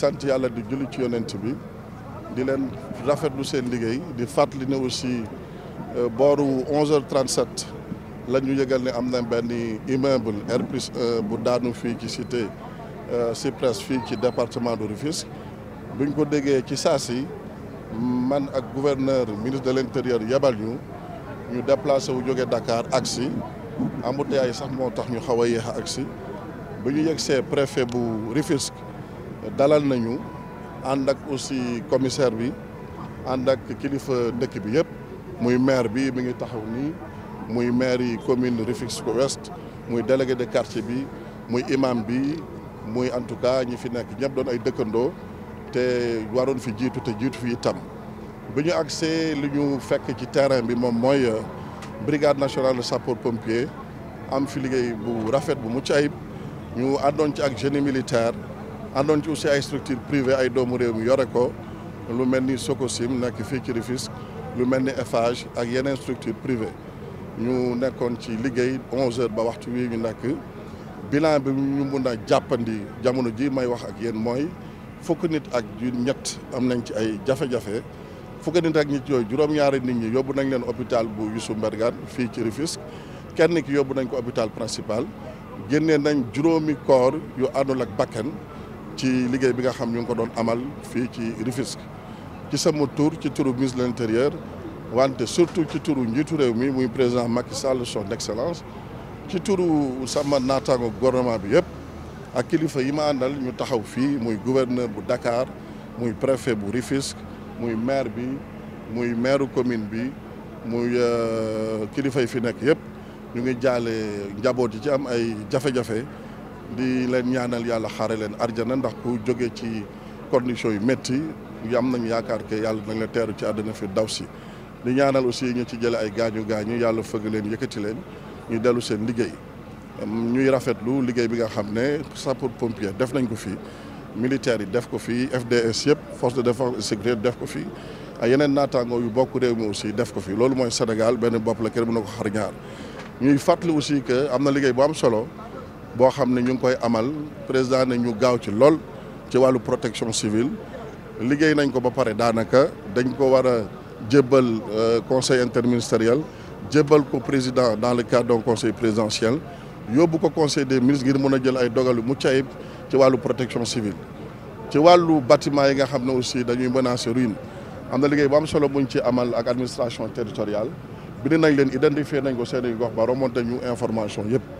sant yalla di julli ci yonent bi di len rafetlu sen liguey di fàttali ne aussi euh, boru 11h37 la yegal yëgal amna ben immeuble R plus 1 bu daanu fi ci cité euh, cypress fi ci département de Rufisque buñ ko déggee ci saa man ak gouverneur ministre de l'intérieur intérieur ñu ñu déplacé wu joggé Dakar agsi embouteillage sax mo tax ñu xaw a yéex a agsi préfet bu Rufisque dalal nañu ànd ak aussi commissaire bi ànd ak kilifa dëkk bi yépp muy maire bi mi ngi taxaw nii muy maire yi commune ko west muy délégué de quartier bi muy imam bi muy en tout cas ñi fi nekk ñëpp doon ay dëkkandoo te waroon fi jiitu te jiitu fi itam bi ñu agsee li ñu fekk ci terrain bi moom mooy euh, brigade nationale de sapeur pompier am fi liggéey bu rafet bu mucc ayib ñu àndoon ci ak génie militaire àndoon ci aussi ay structure privée ay doomu réew mi yore ko lu melni ni Sococim nekk fii ci Rufisque lu melni ni ak yeneen structure privée ñu nekkoon ci liggéey 11h ba waxtu wi ñu nak bilan bi ñu mun a jàppandi jamono ji may wax ak yéen moy fukki nit ak ñett am nañ ci ay jafé jafé fukki nit ak ñi yooyu juróom-ñaari nit ñi yóbbu nañ leen hôpital bu Youssou Mbergane fi ci Rufisque kenn ki yóbbu nañ ko hôpital principal génnee nañ juroomi koor yu àndul ak bakkan ci liggéey bi nga xam ñu ko doon amal fii ci rifisque ci sama tour ci turu ministre de l'intérieur wante surtout ci turu njiitu réew mi muy président Macky Sall son excellence ci turu sama naataango gouvernement bi yëpp ak kilifa yi ma àndal ñu taxaw fii muy gouverneur bu Dakar muy préfet bu rifisque muy maire bi muy maire commune bi muy euh, kilifa yi fi nekk yëpp ñu ngi jaale njaboot yi ci am ay jafe-jafe di leen ñaanal yàlla xaare leen arjana ndax ku jóge ci conditions yi métti yam am nañu yaakaar ke yàlla nañ la teeru ci àddina fi daw si di ñaanal aussi ñu ci jële ay gaañu gaañu yàlla fëgg leen yëkkati leen ñu dellu seen liggéey ñuy rafetlu liggéey bi nga xam ne sapeur pompier def nañ ko fii militaires yi def ko fii FDS yëpp force de défense et sécurité def ko fii ay yeneen naataangoo yu bokk réew mi aussi def ko fii loolu mooy Sénégal benn bopp la kenn mën na ko xar ñaar ñuy fàttali aussi am na liggéey bu am solo boo xam ne ñu ngi koy amal président ne ñu gaaw ci lool ci wàllu protection civile liggéey nañ ko ba pare daanaka dañ ko war a jébbal euh, conseil interministériel jébbal ko président dans le cadre d'un conseil présidentiel yóbbu ko conseil des ministres ngir mën a jël ay dogal yu mucc ayib ci wàllu protection civile. ci wàllu bâtiment yi nga xam ne aussi dañuy menacer ruine am na liggéey bu am solo buñ ci amal ak administration territoriale bind nañ leen identifier nañ ko seen i gox ba remonté ñu information yëpp.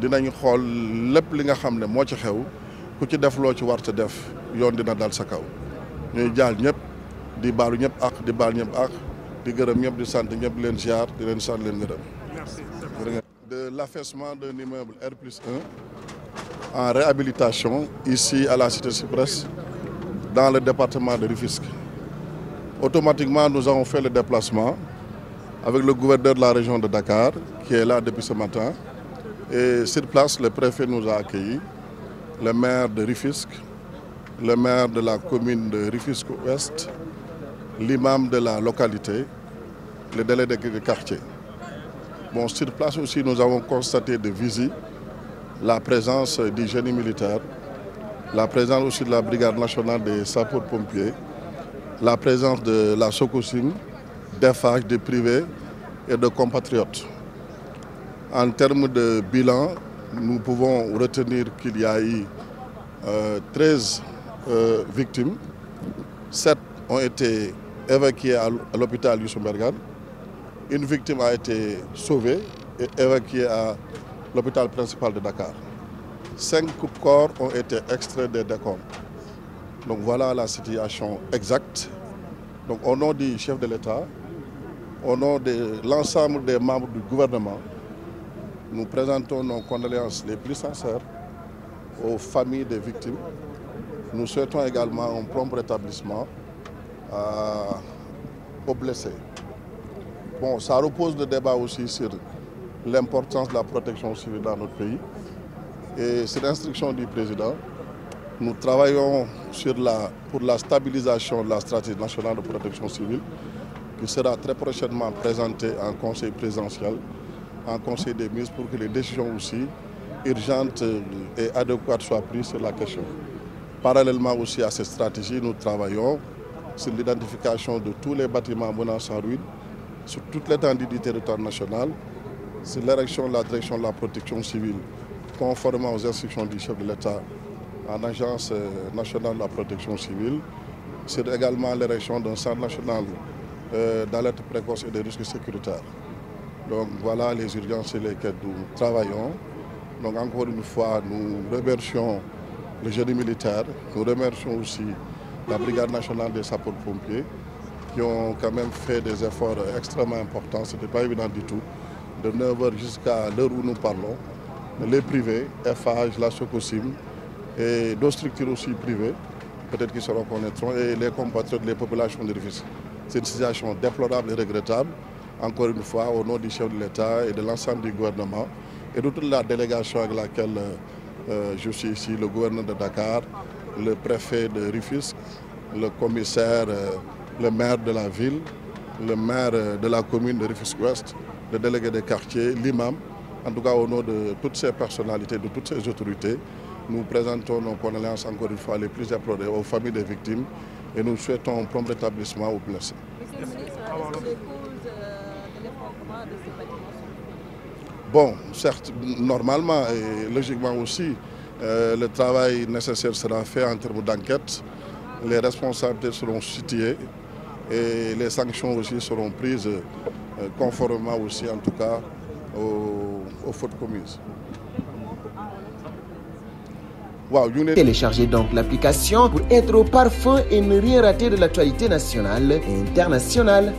dinañ xol lepp li nga xam mo ci xew ku ci def lo ci warta def yoon dina dal sa kaw ñuy jaal ñep di balu ñep ak di bal ñep ak di gërëm ñëpp di sant ñëpp leen ziar di leen sant leen gërëm. de l'affaissement d'un immeuble R plus 1 en réhabilitation ici à la cité Cypress dans le département de Rufisque. Automatiquement, nous avons fait le déplacement avec le gouverneur de la région de Dakar qui est là depuis ce matin. Et sur place, le préfet nous a accueillis, le maire de Rifisque, le maire de la commune de Rifisque-Ouest, l'imam de la localité, le délai de quartier. Bon, sur place aussi, nous avons constaté des visites, la présence du génie militaire, la présence aussi de la brigade nationale des sapeurs-pompiers, la présence de la sococine, des facs, des privés et de compatriotes. En termes de bilan, nous pouvons retenir qu'il y a eu 13 euh, euh, victimes. 7 ont été évacuées à l'hôpital Yusumbergan. Une victime a été sauvée et évacuée à l'hôpital principal de Dakar. 5 corps ont été extraits des décombres. Donc voilà la situation exacte. Donc au nom du chef de l'État, au nom de l'ensemble des membres du gouvernement, nous présentons nos condoléances les plus sincères aux familles des victimes. Nous souhaitons également un prompt rétablissement euh, aux blessés. Bon, ça repose le débat aussi sur l'importance de la protection civile dans notre pays. Et c'est l'instruction du président. Nous travaillons sur la, pour la stabilisation de la stratégie nationale de protection civile qui sera très prochainement présentée en conseil présidentiel en Conseil des ministres pour que les décisions aussi urgentes et adéquates soient prises sur la question. Parallèlement aussi à cette stratégie, nous travaillons sur l'identification de tous les bâtiments menant en ruine, sur toute l'étendue du territoire national, sur l'érection de la direction de la protection civile, conformément aux instructions du chef de l'État en Agence euh, nationale de la protection civile, sur également l'érection d'un centre national euh, d'alerte précoce et de risques sécuritaires. Donc voilà les urgences sur lesquelles nous travaillons. Donc encore une fois, nous remercions le génie militaire, nous remercions aussi la Brigade nationale des sapeurs-pompiers qui ont quand même fait des efforts extrêmement importants. Ce n'était pas évident du tout. De 9h jusqu'à l'heure où nous parlons, les privés, FH, la SOCOSIM et d'autres structures aussi privées, peut-être qu'ils se reconnaîtront, et les compatriotes, les populations de C'est une situation déplorable et regrettable encore une fois, au nom du chef de l'État et de l'ensemble du gouvernement et de toute la délégation avec laquelle euh, je suis ici, le gouverneur de Dakar, le préfet de Rufus, le commissaire, euh, le maire de la ville, le maire euh, de la commune de Rufus-Ouest, le délégué des quartiers, l'imam. En tout cas, au nom de toutes ces personnalités, de toutes ces autorités, nous présentons nos condoléances encore une fois les plus éplorées aux familles des victimes et nous souhaitons un prompt rétablissement aux blessés. Bon, certes, normalement et logiquement aussi, euh, le travail nécessaire sera fait en termes d'enquête. Les responsabilités seront situées et les sanctions aussi seront prises euh, conformément aussi en tout cas aux, fautes commises. Wow, Téléchargez donc l'application pour être au parfum et ne rien rater de l'actualité nationale et internationale.